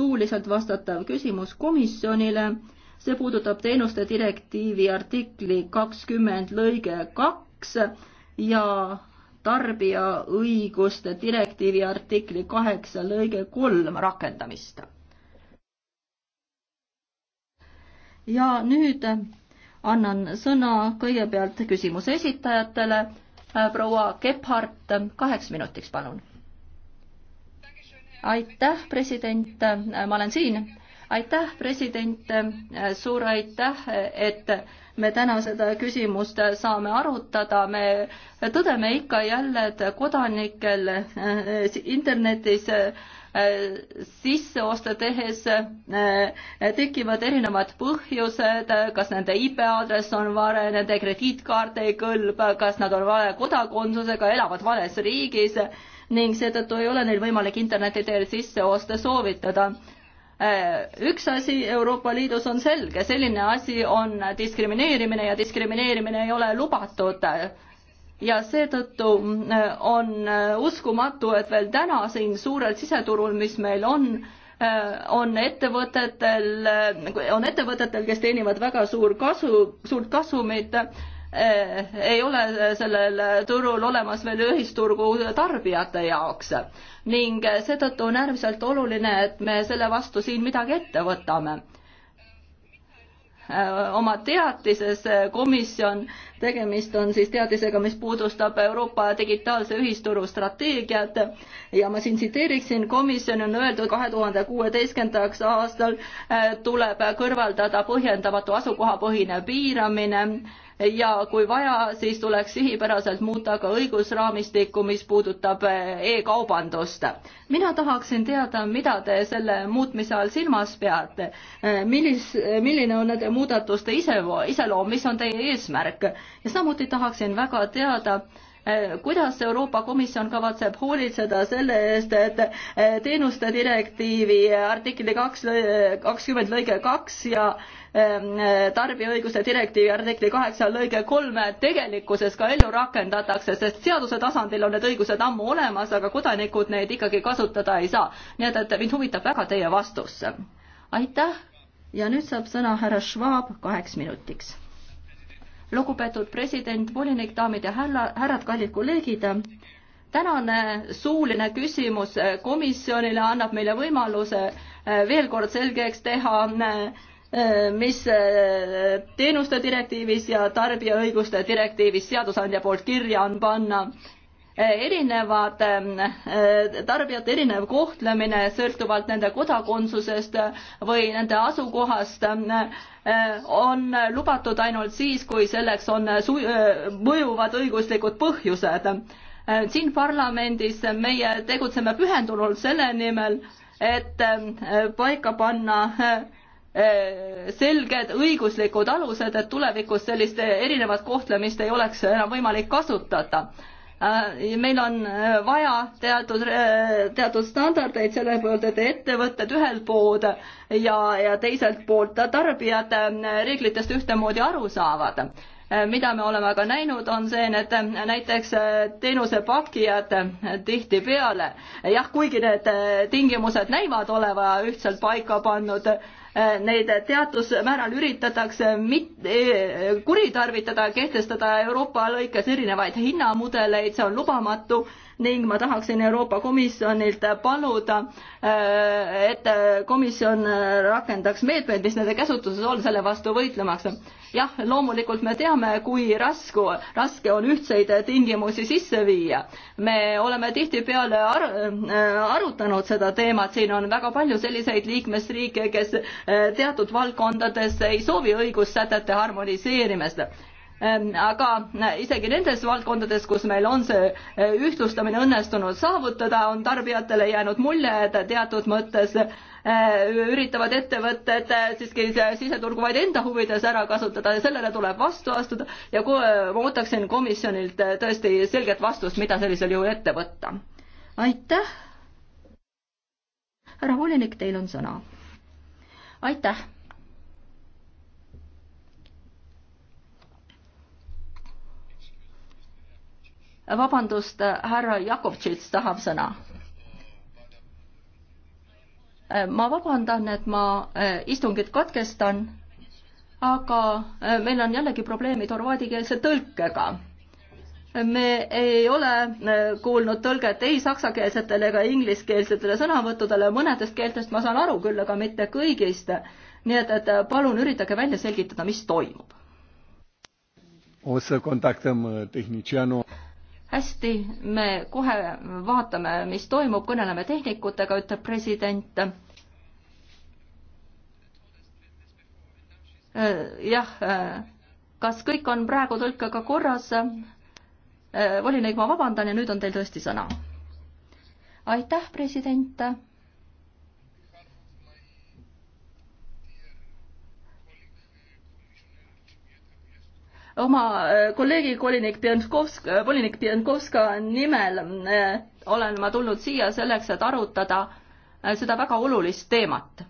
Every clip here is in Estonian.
suuliselt vastatav küsimus komisjonile. see puudutab teenuste direktiivi artikli kakskümmend lõige kaks ja tarbija õiguste direktiivi artikli kaheksa lõige kolm rakendamist. ja nüüd annan sõna kõigepealt küsimuse esitajatele. proua Gebhardt, kaheks minutiks, palun aitäh, president, ma olen siin. aitäh, president, suur aitäh, et me täna seda küsimust saame arutada, me tõdeme ikka jälle, et kodanikel internetis äh, sisseoste tehes äh, tekivad erinevad põhjused, kas nende IP-aadress on vale, nende krediitkaart ei kõlba, kas nad on vale kodakondsusega, elavad vales riigis ning seetõttu ei ole neil võimalik interneti teel sisse osta soovitada. Äh, üks asi Euroopa Liidus on selge, selline asi on diskrimineerimine ja diskrimineerimine ei ole lubatud ja seetõttu äh, on äh, uskumatu, et veel täna siin suurel siseturul, mis meil on, on ettevõtetel, on ettevõtetel, kes teenivad väga suur kasu, suurt kasumit, Eh, ei ole sellel turul olemas veel ühisturgu tarbijate jaoks ning seetõttu on äärmiselt oluline, et me selle vastu siin midagi ette võtame. Eh, oma teatises komisjon, tegemist on siis teadisega, mis puudustab Euroopa digitaalse ühisturu strateegiat ja ma siin tsiteeriksin, komisjon on öeldud kahe tuhande kuueteistkümnendaks aastal eh, tuleb kõrvaldada põhjendamatu asukohapõhine piiramine ja kui vaja, siis tuleks sihipäraselt muuta ka õigusraamistikku, mis puudutab eh, e-kaubandust. mina tahaksin teada, mida te selle muutmise all silmas peate, eh, millis, milline on nende muudatuste ise, iseloom, mis on teie eesmärk ja samuti tahaksin väga teada, Eh, kuidas Euroopa Komisjon kavatseb hoolitseda selle eest, et eh, teenuste direktiivi artikli kaks, kakskümmend lõige kaks ja ehm, eh, tarbijaõiguste direktiivi artikli kaheksa lõige kolme tegelikkuses ka ellu rakendatakse, sest seaduse tasandil on need õigused ammu olemas, aga kodanikud neid ikkagi kasutada ei saa. nii et, et mind huvitab väga teie vastus. aitäh ja nüüd saab sõna härra Schwab kaheks minutiks lugupeetud president, volinik, daamid ja härra, härrad, kallid kolleegid. tänane suuline küsimus komisjonile annab meile võimaluse eh, veel kord selgeks teha, eh, mis eh, teenuste direktiivis ja tarbijaõiguste direktiivis seadusandja poolt kirja on panna Eh, erinevad eh, eh, tarbijate erinev kohtlemine sõltuvalt nende kodakondsusest või nende asukohast on lubatud ainult siis, kui selleks on mõjuvad õiguslikud põhjused. siin parlamendis meie tegutseme pühendunult selle nimel, et paika panna selged õiguslikud alused, et tulevikus sellist erinevat kohtlemist ei oleks enam võimalik kasutada Äh, meil on äh, vaja teatud, äh, teatud standardeid selle poolt, et ettevõtted ühelt poolt ja, ja teiselt poolt tarbijad reeglitest ühtemoodi aru saavad Äh, mida me oleme aga näinud, on see, et äh, näiteks äh, teenusepakkijad tihtipeale, jah, kuigi need tingimused näivad oleva ühtselt paika pannud, neid teatud määral üritatakse mit-, e, kuritarvitada, kehtestada Euroopa lõikes erinevaid hinnamudeleid, see on lubamatu ning ma tahaksin Euroopa Komisjonilt paluda, äh, et komisjon äh, rakendaks meetmeid, mis nende käsutuses on, selle vastu võitlemaks. jah, loomulikult me teame, kui rasku, raske on ühtseid tingimusi sisse viia. me oleme tihtipeale ar äh, arutanud seda teemat, siin on väga palju selliseid liikmesriike, kes teatud valdkondades ei soovi õigussätete harmoniseerimist Ehm, aga äh, isegi nendes valdkondades, kus meil on see äh, ühtlustamine õnnestunud saavutada, on tarbijatele jäänud mulje, et teatud mõttes äh, üritavad ettevõtted siiski siseturgu vaid enda huvides ära kasutada ja sellele tuleb vastu astuda ja kui, ma ootaksin komisjonilt tõesti selget vastust, mida sellisel juhul ette võtta. aitäh. härra volinik, teil on sõna. aitäh vabandust, härra Jakovtšits tahab sõna. ma vabandan, et ma e, istungit katkestan, aga e, meil on jällegi probleemid horvaadikeelse tõlkega me ei ole e, kuulnud tõlget ei saksakeelsetele ega ingliskeelsetele sõnavõttudele, mõnedest keeltest ma saan aru küll, aga mitte kõigist. nii et, et palun üritage välja selgitada, mis toimub hästi, me kohe vaatame, mis toimub, kõneleme tehnikutega, ütleb president. Äh, jah, äh, kas kõik on praegu tõlkega korras? Äh, volinik, ma vabandan ja nüüd on teil tõesti sõna. aitäh, president oma äh, kolleegi kolinik Pjankovska, volinik Pjankovska äh, nimel äh, olen ma tulnud siia selleks, et arutada seda väga olulist teemat.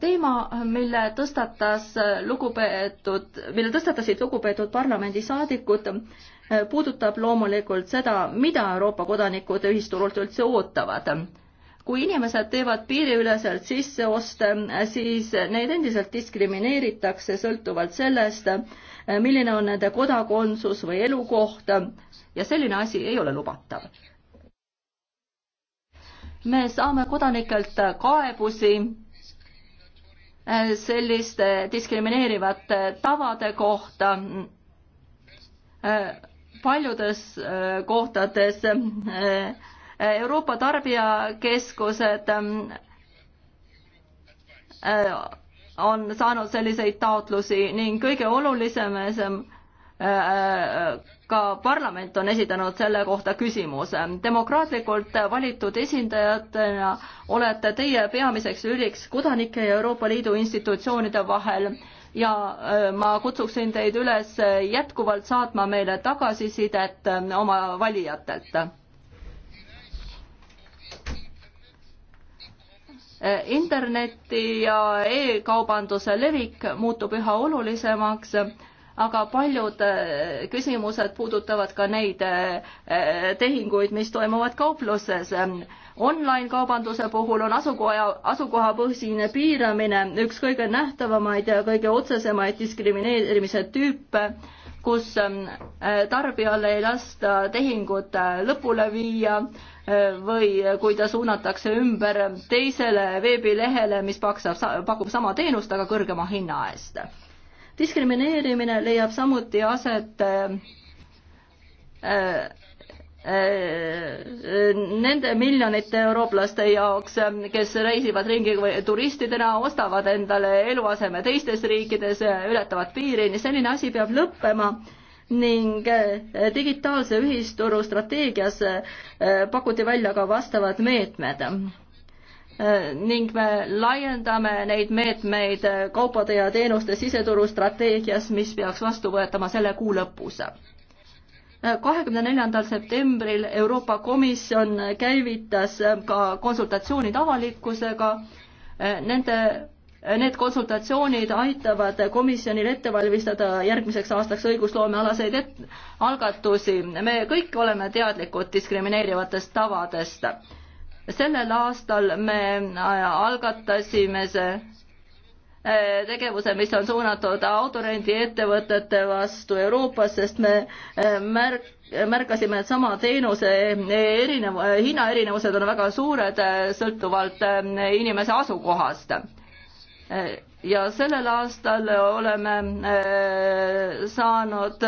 teema, mille tõstatas lugupeetud, mille tõstatasid lugupeetud parlamendisaadikud, puudutab loomulikult seda, mida Euroopa kodanikud ühisturult üldse ootavad kui inimesed teevad piiriüleselt sisseoste, siis neid endiselt diskrimineeritakse sõltuvalt sellest, milline on nende kodakondsus või elukoht ja selline asi ei ole lubatav. me saame kodanikelt kaebusi selliste diskrimineerivate tavade kohta paljudes kohtades Euroopa Tarbijakeskused ähm, äh, on saanud selliseid taotlusi ning kõige olulisem äh, ka parlament on esitanud selle kohta küsimuse. demokraatlikult valitud esindajatena olete teie peamiseks lüliks kodanike ja Euroopa Liidu institutsioonide vahel ja äh, ma kutsuksin teid üles jätkuvalt saatma meile tagasisidet oma valijatelt interneti ja e-kaubanduse levik muutub üha olulisemaks, aga paljud äh, küsimused puudutavad ka neid äh, tehinguid, mis toimuvad kaupluses. Online-kaubanduse puhul on asukoha, asukohapõhine piiramine üks kõige nähtavamaid ja kõige otsesemaid diskrimineerimise tüüpe kus ähm, äh, tarbijal ei lasta tehingut äh, lõpule viia äh, või kui ta suunatakse ümber teisele veebilehele, mis paksab, pakub sama teenust, aga kõrgema hinna eest. diskrimineerimine leiab samuti aset nende miljonite eurooplaste jaoks, kes reisivad ringi turistidena, ostavad endale eluaseme teistes riikides, ületavad piiri, nii selline asi peab lõppema ning eh, digitaalse ühisturu strateegias eh, pakuti välja ka vastavad meetmed. Eh, ning me laiendame neid meetmeid kaupade ja teenuste siseturu strateegias, mis peaks vastu võetama selle kuu lõpus kahekümne neljandal septembril Euroopa Komisjon käivitas ka konsultatsioonid avalikkusega. Nende, need konsultatsioonid aitavad komisjonil ette valmistada järgmiseks aastaks õigusloomealaseid et-, algatusi. me kõik oleme teadlikud diskrimineerivatest tavadest. sellel aastal me algatasime see Äh, tegevuse, mis on suunatud autorendiettevõtete vastu Euroopas, sest me äh, märk-, märkasime, et sama teenuse äh, erinev, hinnaerinevused on väga suured, sõltuvalt inimese asukohast. ja sellel aastal oleme saanud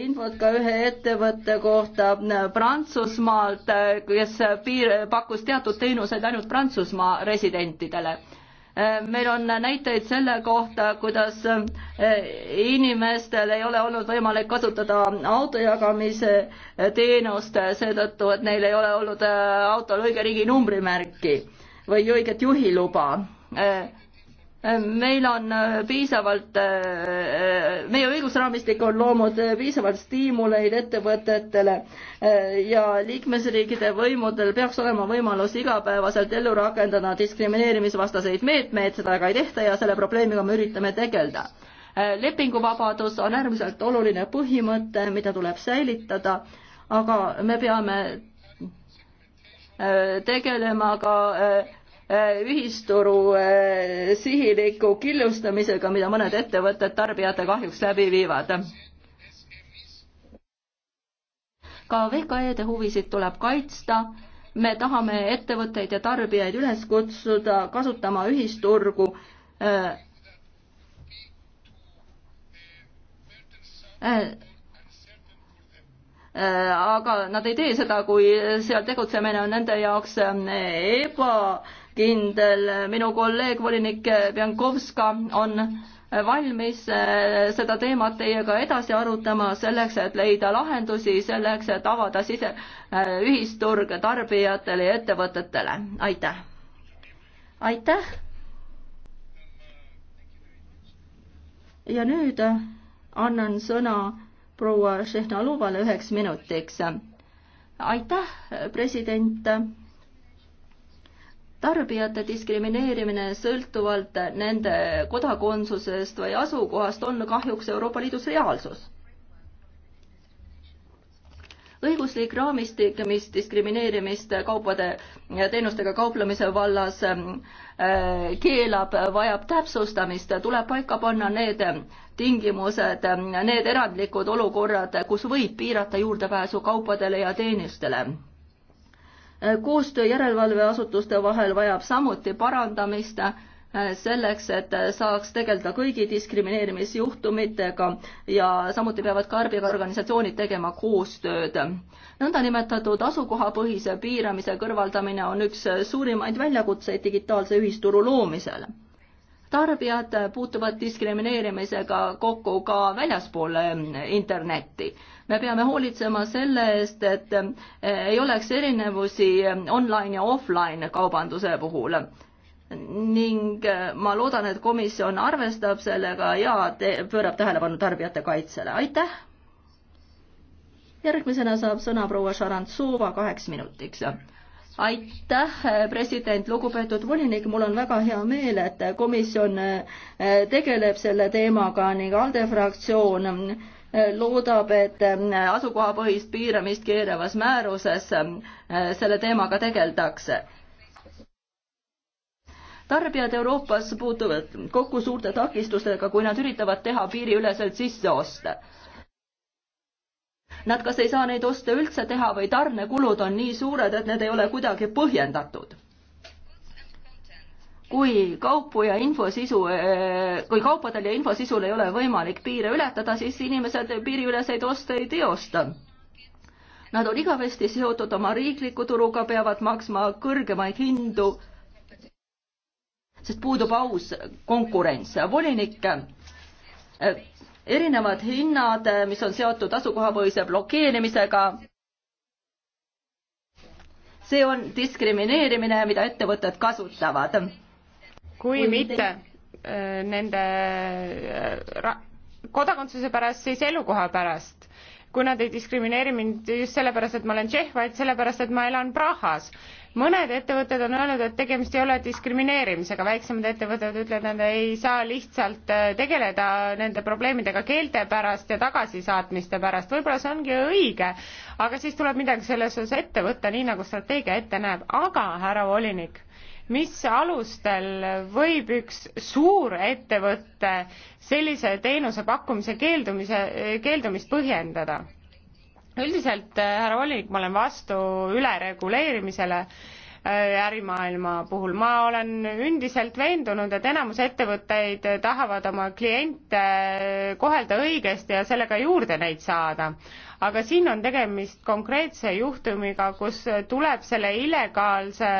infot ka ühe ettevõtte kohta Prantsusmaalt, kes piir, pakkus teatud teenuseid ainult Prantsusmaa residentidele Äh, meil on näiteid selle kohta, kuidas äh, inimestel ei ole olnud võimalik kasutada autojagamise äh, teenust seetõttu, et neil ei ole olnud autol õige riigi numbrimärki või õiget juhiluba meil on äh, piisavalt, äh, äh, meie õigusraamistik on loonud piisavalt stiimuleid ettevõtetele ja liikmesriikide võimudel peaks olema võimalus igapäevaselt ellu rakendada diskrimineerimisvastaseid meetmeid, seda aga ei tehta ja selle probleemiga me üritame tegeleda. lepinguvabadus on äärmiselt oluline põhimõte, mida tuleb säilitada, aga me peame tegelema ka Äh, ühisturu äh, sihiliku killustamisega, mida mõned ettevõtted tarbijate kahjuks läbi viivad. ka VKE-de huvisid tuleb kaitsta. me tahame ettevõtteid ja tarbijaid üles kutsuda kasutama ühisturgu äh, aga nad ei tee seda, kui seal tegutsemine on nende jaoks eba kindel. minu kolleeg, volinik Pjankovska on valmis eh, seda teemat teiega edasi arutama selleks, et leida lahendusi, selleks, et avada sise, eh, ühisturg tarbijatele ja ettevõtetele. aitäh! aitäh! ja nüüd eh, annan sõna proua Šehnalovale üheks minutiks. aitäh, president tarbijate diskrimineerimine sõltuvalt nende kodakondsusest või asukohast on kahjuks Euroopa Liidus reaalsus. õiguslik raamistik, mis diskrimineerimist kaupade ja teenustega kauplemise vallas äh, keelab, vajab täpsustamist, tuleb paika panna need tingimused, need erandlikud olukorrad, kus võib piirata juurdepääsu kaupadele ja teenustele koostöö järelevalveasutuste vahel vajab samuti parandamist äh, selleks, et äh, saaks tegeleda kõigi diskrimineerimisjuhtumitega ja samuti peavad tarbijaorganisatsioonid tegema koostööd. nõndanimetatud asukohapõhise piiramise kõrvaldamine on üks äh, suurimaid väljakutseid digitaalse ühisturu loomisel tarbijad puutuvad diskrimineerimisega kokku ka väljaspool ähm, internetti. me peame hoolitsema selle eest, et äh, ei oleks erinevusi ähm, online ja offline kaubanduse puhul ning äh, ma loodan, et komisjon arvestab sellega ja te pöörab tähelepanu tarbijate kaitsele, aitäh! järgmisena saab sõna proua Šarantsova kaheks minutiks aitäh, president, lugupeetud volinik, mul on väga hea meel, et komisjon äh, tegeleb selle teemaga ning ALDE fraktsioon äh, loodab, et äh, asukohapõhist piiramist keeravas määruses selle teemaga tegeldakse. tarbijad Euroopas puutuvad kokku suurte takistustega, kui nad üritavad teha piiriüleselt sisseoste Nad kas ei saa neid oste üldse teha või tarnekulud on nii suured, et need ei ole kuidagi põhjendatud kui kaupu ja infosisu, eh, kui kaupadel ja infosisul ei ole võimalik piire ületada, siis inimesed piiriüleseid oste ei teosta. Nad on igavesti seotud oma riikliku turuga, peavad maksma kõrgemaid hindu, sest puudub aus konkurents. volinik eh, erinevad hinnad, eh, mis on seotud asukohapõhise blokeerimisega. see on diskrimineerimine, mida ettevõtted kasutavad. kui mitte nende eh, eh, kodakondsuse pärast, siis elukoha pärast kui nad ei diskrimineeri mind just sellepärast, et ma olen tšehh, vaid sellepärast, et ma elan Prahas mõned ettevõtted on öelnud, et tegemist ei ole diskrimineerimisega, väiksemad ettevõtted ütlevad, et nad ei saa lihtsalt äh, tegeleda nende probleemidega keelte pärast ja tagasisaatmiste pärast, võib-olla see ongi õige, aga siis tuleb midagi selles osas ette võtta, nii nagu strateegia ette näeb, aga härra volinik, mis alustel võib üks suurettevõte sellise teenuse pakkumise keeldumise, keeldumist põhjendada? üldiselt, äh, härra volinik, ma olen vastu ülereguleerimisele äh, ärimaailma puhul. ma olen üldiselt veendunud, et enamus ettevõtteid tahavad oma kliente äh, kohelda õigesti ja sellega juurde neid saada. aga siin on tegemist konkreetse juhtumiga, kus tuleb selle illegaalse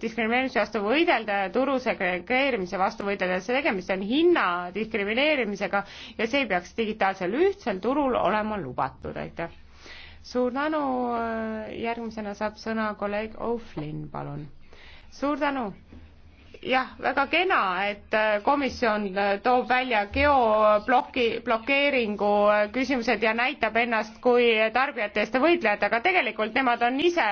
diskrimineerimise vastu võidelda ja turu segregeerimise vastu võidelda, see tegemist on hinna diskrimineerimisega ja see peaks digitaalsel ühtsel turul olema lubatud, aitäh suur tänu, järgmisena saab sõna kolleeg O'Flynn, palun. suur tänu jah, väga kena, et äh, komisjon äh, toob välja geobloki, blokeeringu äh, küsimused ja näitab ennast kui tarbijate eest võitlejat, aga tegelikult nemad on ise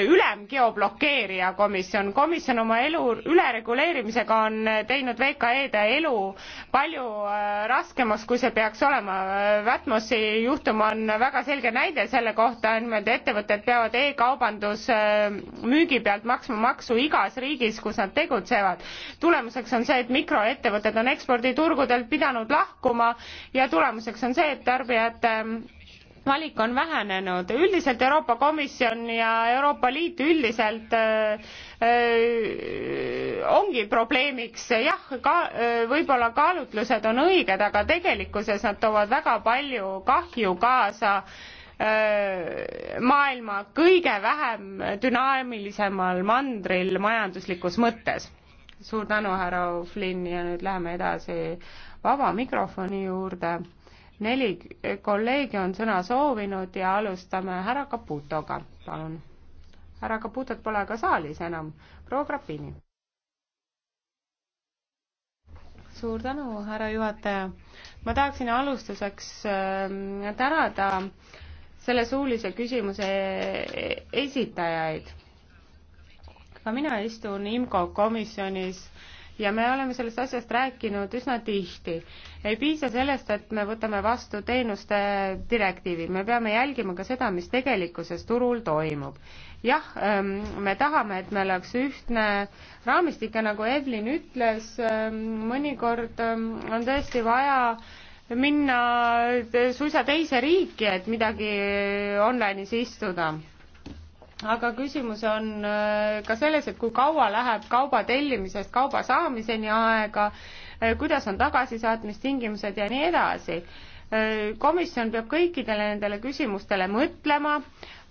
ülem geoblokeerija komisjon. komisjon oma elu ülereguleerimisega on teinud VKE-de elu palju raskemaks, kui see peaks olema. Vätmosi juhtum on väga selge näide selle kohta, nimelt ettevõtted peavad e-kaubandus müügi pealt maksma maksu igas riigis, kus nad tegutsevad tegutsevad. tulemuseks on see, et mikroettevõtted on eksporditurgudelt pidanud lahkuma ja tulemuseks on see, et tarbijate ähm, valik on vähenenud. üldiselt Euroopa Komisjon ja Euroopa Liit üldiselt öö, äh, öö, äh, ongi probleemiks, jah, ka äh, võib-olla kaalutlused on õiged, aga tegelikkuses nad toovad väga palju kahju kaasa öö, maailma kõige vähem dünaamilisemal mandril majanduslikus mõttes. suur tänu, härra Flynn ja nüüd läheme edasi vaba mikrofoni juurde. neli kolleegi on sõna soovinud ja alustame härra Caputoga, palun. härra Caputot pole ka saalis enam, proua Grappini. suur tänu, härra juhataja. ma tahaksin alustuseks ähm, tänada äh, selle suulise küsimuse esitajaid. ka mina istun IMCO komisjonis ja me oleme sellest asjast rääkinud üsna tihti. ei piisa sellest, et me võtame vastu teenuste direktiivi, me peame jälgima ka seda, mis tegelikkuses turul toimub. jah, ähm, me tahame, et meil oleks ühtne raamistik ja nagu Evelyn ütles, ähm, mõnikord ähm, on tõesti vaja minna suisa teise riiki, et midagi online'is istuda. aga küsimus on äh, ka selles, et kui kaua läheb kauba tellimisest kauba saamiseni aega, äh, kuidas on tagasisaatmistingimused ja nii edasi. Äh, komisjon peab kõikidele nendele küsimustele mõtlema,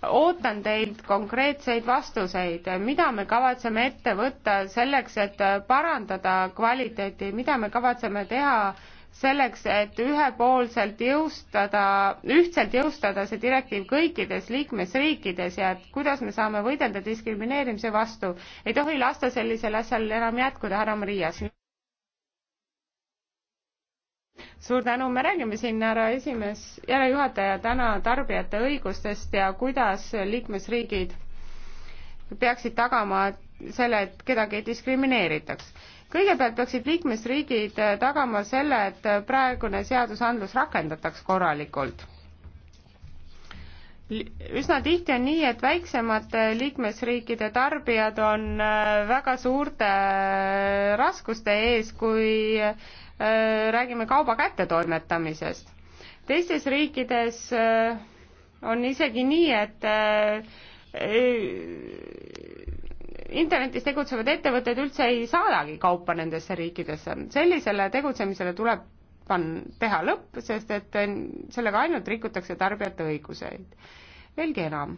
ootan teilt konkreetseid vastuseid, mida me kavatseme ette võtta selleks, et parandada kvaliteeti, mida me kavatseme teha selleks, et ühepoolselt jõustada, ühtselt jõustada see direktiiv kõikides liikmesriikides ja et kuidas me saame võidelda diskrimineerimise vastu. ei tohi lasta sellisel asjal enam jätkuda, härra Marias. suur tänu, me räägime siin, härra esimees, härra juhataja, täna tarbijate õigustest ja kuidas liikmesriigid peaksid tagama selle, et kedagi ei diskrimineeritaks kõigepealt peaksid liikmesriigid äh, tagama selle, et äh, praegune seadusandlus rakendataks korralikult. üsna tihti on nii, et väiksemate liikmesriikide tarbijad on äh, väga suurte raskuste ees, kui räägime kauba kättetoimetamisest. teistes riikides on isegi nii, et internetis tegutsevad ettevõtted üldse ei saadagi kaupa nendesse riikidesse. sellisele tegutsemisele tuleb pan-, teha lõpp, sest et sellega ainult rikutakse tarbijate õiguseid. veelgi enam,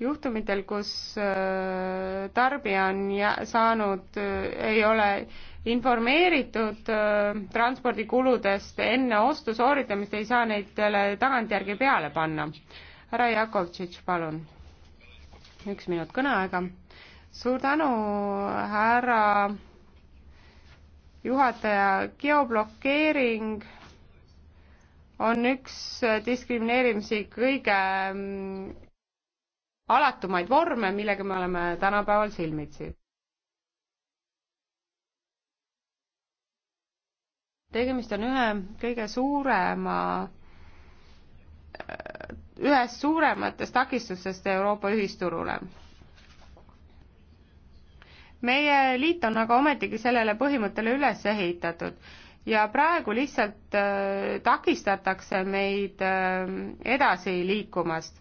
juhtumitel, kus äh, tarbija on saanud, äh, ei ole informeeritud äh, transpordikuludest enne ostu sooritamist, ei saa neid tagantjärgi peale panna. härra Jakovtšitš, palun üks minut kõneaega. suur tänu, härra juhataja, geoblokeering on üks diskrimineerimise kõige mm, alatumaid vorme, millega me oleme tänapäeval silmitsi. tegemist on ühe kõige suurema ühest suurematest takistustest Euroopa ühisturule. meie liit on aga ometigi sellele põhimõttele üles ehitatud ja praegu lihtsalt äh, takistatakse meid äh, edasi liikumast.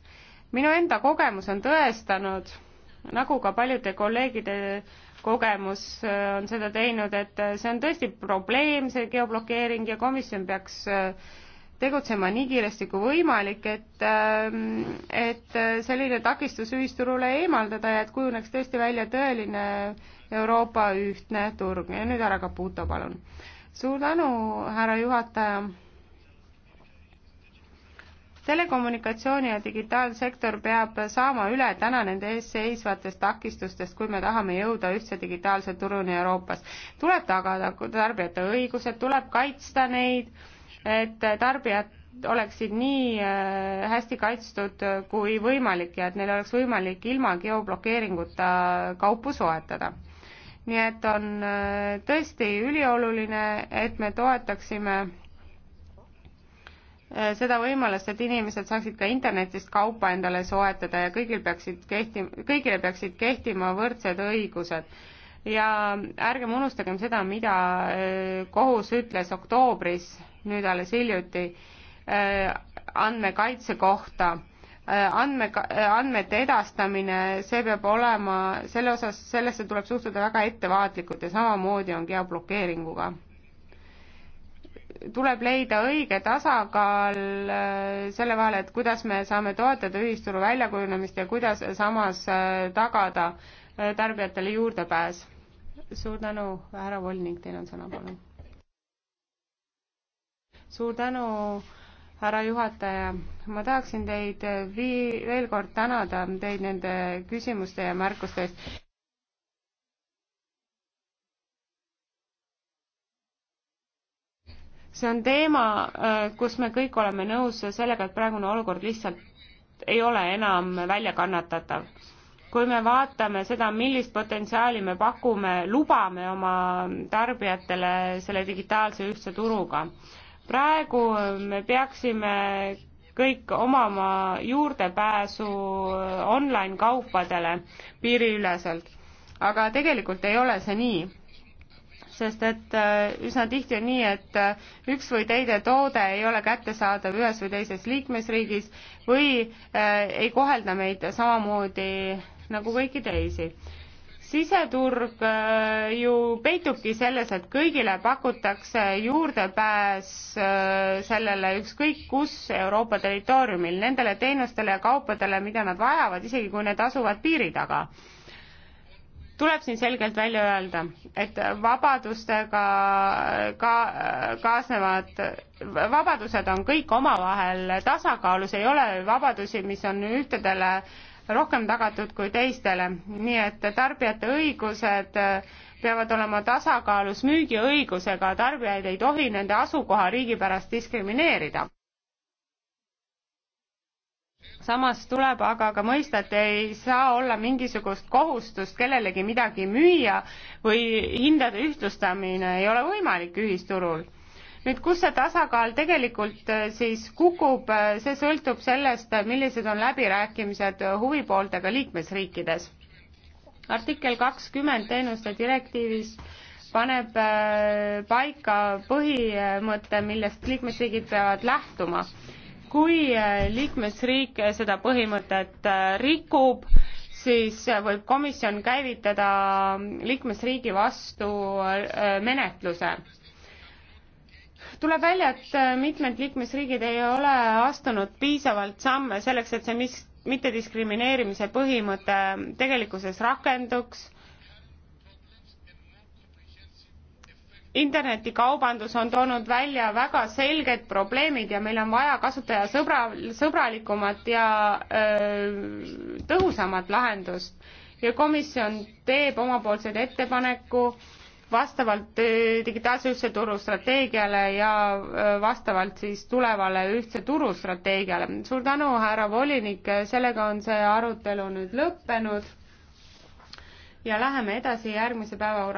minu enda kogemus on tõestanud, nagu ka paljude kolleegide kogemus äh, on seda teinud, et see on tõesti probleem, see geoblokeering ja komisjon peaks tegutsema nii kiiresti kui võimalik, et, ähm, et selline takistus ühisturule eemaldada ja et kujuneks tõesti välja tõeline Euroopa ühtne turg. ja nüüd härra Caputo, palun. suur tänu, härra juhataja. telekommunikatsiooni ja digitaalsektor peab saama üle täna nende ees seisvatest takistustest, kui me tahame jõuda ühtse digitaalse turuni Euroopas. tuleb tagada tarbijate õigused, tuleb kaitsta neid et tarbijad oleksid nii äh, hästi kaitstud kui võimalik ja et neil oleks võimalik ilma geoblokeeringuta kaupu soetada. nii et on äh, tõesti ülioluline, et me toetaksime äh, seda võimalust, et inimesed saaksid ka internetist kaupa endale soetada ja kõigil peaksid kehtima, kõigile peaksid kehtima võrdsed õigused. ja ärgem unustagem seda, mida kohus ütles oktoobris nüüd alles hiljuti äh, andmekaitse kohta äh, andme, äh, andmete edastamine, see peab olema, selle osas, sellesse tuleb suhtuda väga ettevaatlikult ja samamoodi on geoblokeeringuga. tuleb leida õige tasakaal selle vahel, et kuidas me saame toetada ühisturu väljakujunemist ja kuidas samas tagada tarbijatele juurdepääs. suur tänu, härra Volnik, teil on sõna, palun suur tänu, härra juhataja. ma tahaksin teid vii-, veel kord tänada teid nende küsimuste ja märkuste eest. see on teema, äh, kus me kõik oleme nõus sellega, et praegune olukord lihtsalt ei ole enam väljakannatatav kui me vaatame seda, millist potentsiaali me pakume, lubame oma tarbijatele selle digitaalse ühtse turuga praegu me peaksime kõik omama juurdepääsu online kaupadele piiriüleselt. aga tegelikult ei ole see nii sest et äh, üsna tihti on nii, et äh, üks või teine toode ei ole kättesaadav ühes või teises liikmesriigis või äh, ei kohelda meid samamoodi nagu kõiki teisi siseturg äh, ju peitubki selles, et kõigile pakutakse juurdepääs äh, sellele ükskõik kus Euroopa territooriumil, nendele teenustele ja kaupadele, mida nad vajavad, isegi kui need asuvad piiri taga. tuleb siin selgelt välja öelda, et vabadustega äh, ka kaasnevad, vabadused on kõik omavahel tasakaalus, ei ole vabadusi, mis on ühtedele äh, rohkem tagatud kui teistele, nii et tarbijate õigused äh, peavad olema tasakaalus müügiõigusega, tarbijaid ei tohi nende asukohariigi pärast diskrimineerida. samas tuleb aga ka mõista, et ei saa olla mingisugust kohustust kellelegi midagi müüa või hindade ühtlustamine ei ole võimalik ühisturul nüüd, kus see tasakaal tegelikult äh, siis kukub, äh, see sõltub sellest, äh, millised on läbirääkimised huvipooltega liikmesriikides. artikkel kakskümmend teenuste direktiivis paneb paika põhimõte, millest liikmesriigid peavad lähtuma. kui liikmesriik seda põhimõtet rikub, siis võib komisjon käivitada liikmesriigi vastu menetluse tuleb välja, et äh, mitmed liikmesriigid ei ole astunud piisavalt samme selleks, et see mis, mittediskrimineerimise põhimõte tegelikkuses rakenduks. internetikaubandus on toonud välja väga selged probleemid ja meil on vaja kasutajasõbra, sõbralikumat ja öö, äh, tõhusamat lahendust ja komisjon teeb omapoolseid ettepaneku öö, vastavalt äh, digitaalse ühtse turu strateegiale ja äh, vastavalt siis tulevale ühtse turu strateegiale. suur tänu, härra volinik, sellega on see arutelu nüüd lõppenud ja läheme edasi järgmise päevakorra